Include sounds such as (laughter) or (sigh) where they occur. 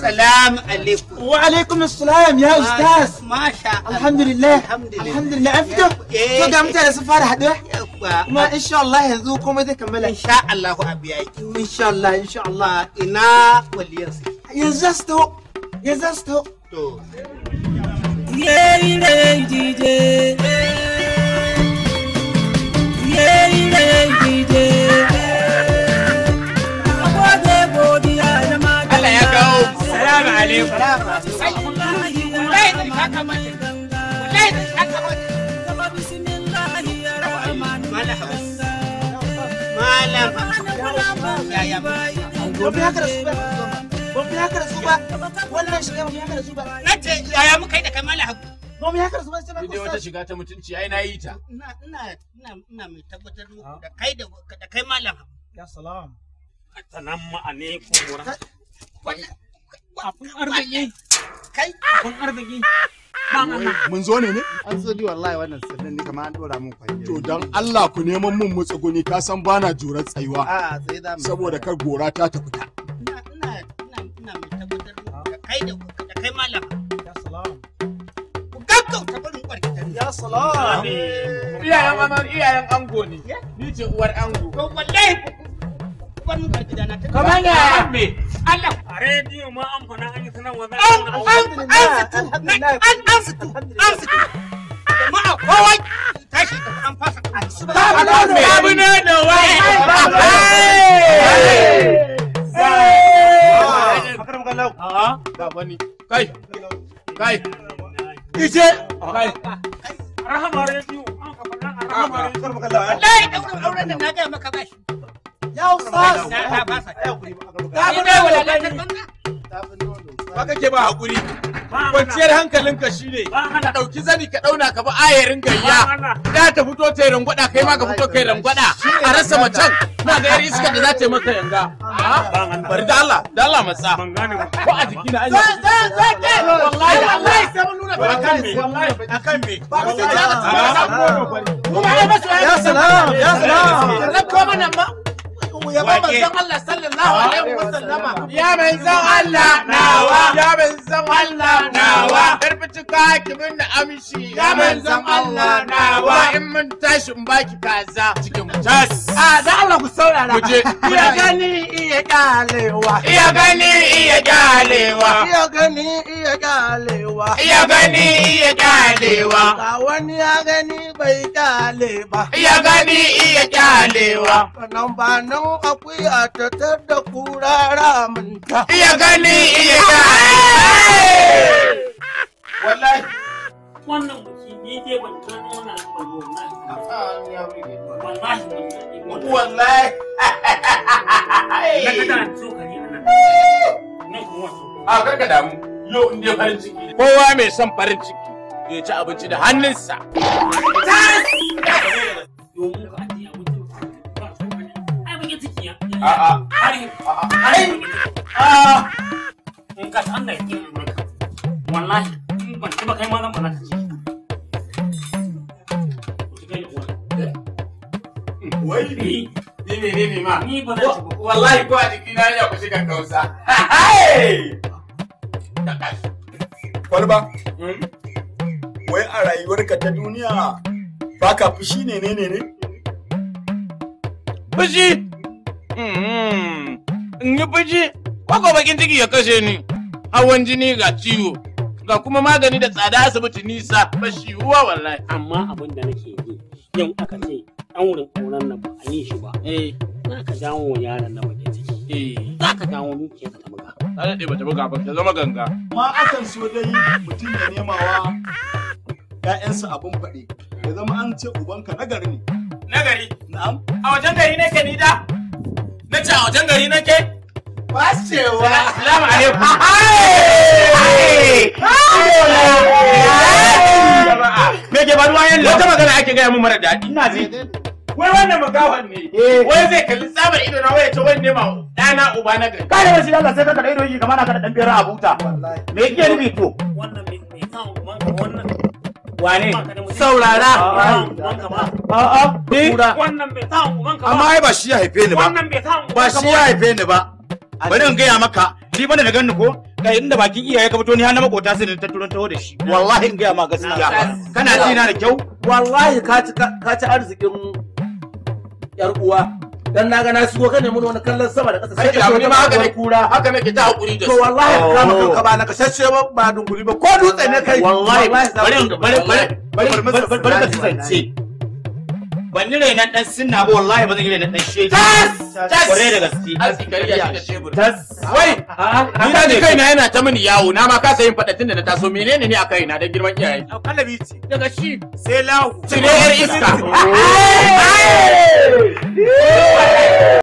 سلام عليكم وعليكم السلام يا استاذ ما شاء الله الحمد لله الحمد لله عفده صدق إيه. عم تعرف سفارة حدا ما ان شاء الله يهزوكم اذا كملت ان شاء الله ابيعك ان شاء الله ان شاء الله انا واليزي يزستو يزستو يزستو alaikum wallahi ka kamata wallahi ka kamata malam ya ya ba ba wata shiga ta mutunci ai na yi ta ina ina ina mai tabbatar muku da kai da da kai malam ya salam abun arziki kai abun arziki mun zo ne ne an zo di wallahi wannan ne kamar an dora mun kwanye to dan Allah ku neman mun mutsuguni ka san bana jurar tsayuwa a tsaye da saboda kar gora ta ta fita ina ina ina ina mai tabbatar da kai da kai malam ya salam ku barin ya salam iyayen iyayen ango ne ni ce uwar ango to wallahi bar mun karfi dana kaman ya me Allah rediyo ma an fana an yi sanarwa za an an an an situ an situ jama'a kowa tashi an fasa babu ne da wai kai kai ije kai rahama rediyo an ka fara rahama rediyo kar maka lawa dai daurin auren nan na ga maka bashi Yau sas. Ta ba sa. Yau kuri ba. Ta ba dai wala ta banza. ba nono. Ba kake ba hakuri. Kwanciyar ka ɗauki zani ka ɗauna ka bi ayarin gayya da ta fito ta yi rangwada kai ma ka fito ka kai rangwada a rasa macen na ga yar iska da za ta yi maka yanga. Ah, bari da Allah da Allah matsa. Ko a jiki na anya. Zan zan ke wallahi wallahi sai mun nuna ba kan me akan me. Ba ku sai ta ga ta samu nono bari. Kuma ai masu ya salam ya salam. Rabko mana ma gaban manzon Allah sallallahu alaihi ya manzon Allah nawa ya manzon Allah nawa karfici ka kimin da amshi ya manzon Allah nawa in mun tashi in baki kaza cikin tas a ah, da Allah ku saurara ku je gani iya kyalewa iya gani iya kyalewa iya gani iya kyalewa iya gani iya kyalewa ga ya gani bai kyale ba iya gani iya kyalewa nan ba nan akwai a tattar da kura ramunta iya gani iya kyalewa wannan buki ni dai ban gano wannan wallahi wallahi damu yau in farin ciki kowa mai son farin ciki ya ci abinci da hannunsa A'a, hari, hari, wallahi ci ko a jikina ya kushi kan kausa. Kwalba, hmm? wai a rayuwarka ta duniya baka fushi ne ne ne ne? Fushi? Hmm. In yi fushi, kwakwa bakin ciki ya kashe ni, hawan jini ga ciwo, ga kuma magani da tsada asibiti nisa, shi, ruwa wallahi. Amma abin da nake yi, yau aka ce, an wurin auren nan ba a yi shi ba. Eh, na ka dawo yaran nan Eh, za ka dawo dukiyar ka ta buga ta daɗe ba ta buga ba ta zama ganga ma akan so dai mutum ya nema wa ƴaƴansa abin faɗi ya zama an ce ubanka nagari ne nagari na'am a wajen gari nake ni da na ce a wajen gari nake Fashewa! Salamu alaikum! Me ke faruwa yalla? Wata magana ake gaya mun mara daɗi. Ina ji. wai wannan makawan ne eh. wai zai kalli tsabar ido na waya ta wani nema dana uba na gari kada shi Allah sai ka kada ido yi kamar ka da dan biyar a buta me yake nufi to wannan me kawo wannan wane saurara a'a kura wannan bai ta uban ka amma ai ba shi ya haife ni ba wannan bai ta ba shi ya haife ni ba bari in gaya maka ni bane da ganni ko ga inda bakin iyaye ka fito ni har na makota sai ta turan taho da shi wallahi in gaya ma gaskiya kana ji na da kyau wallahi ka ci arzikin yar uwa dan na ga na shigo ka nemi wani kallon sama da ƙasa sai da shigo ma haka ne kura haka ne ke ta hakuri da to wallahi ka kama kanka ba na ka ba ba dunguri ba ko dutse ne kai wallahi bari bari bari bari bari bari bari ban yi rainan dan sunna ba wallahi ba zan yi rainan dan shege tas tas kore da gaske tas wai ni da kai na yana ta mini yawo na ma ka sayin fadatin da na taso menene ne a kai na dan girman iyaye kalabi ce daga shi sai lahu cire yar iska (laughs)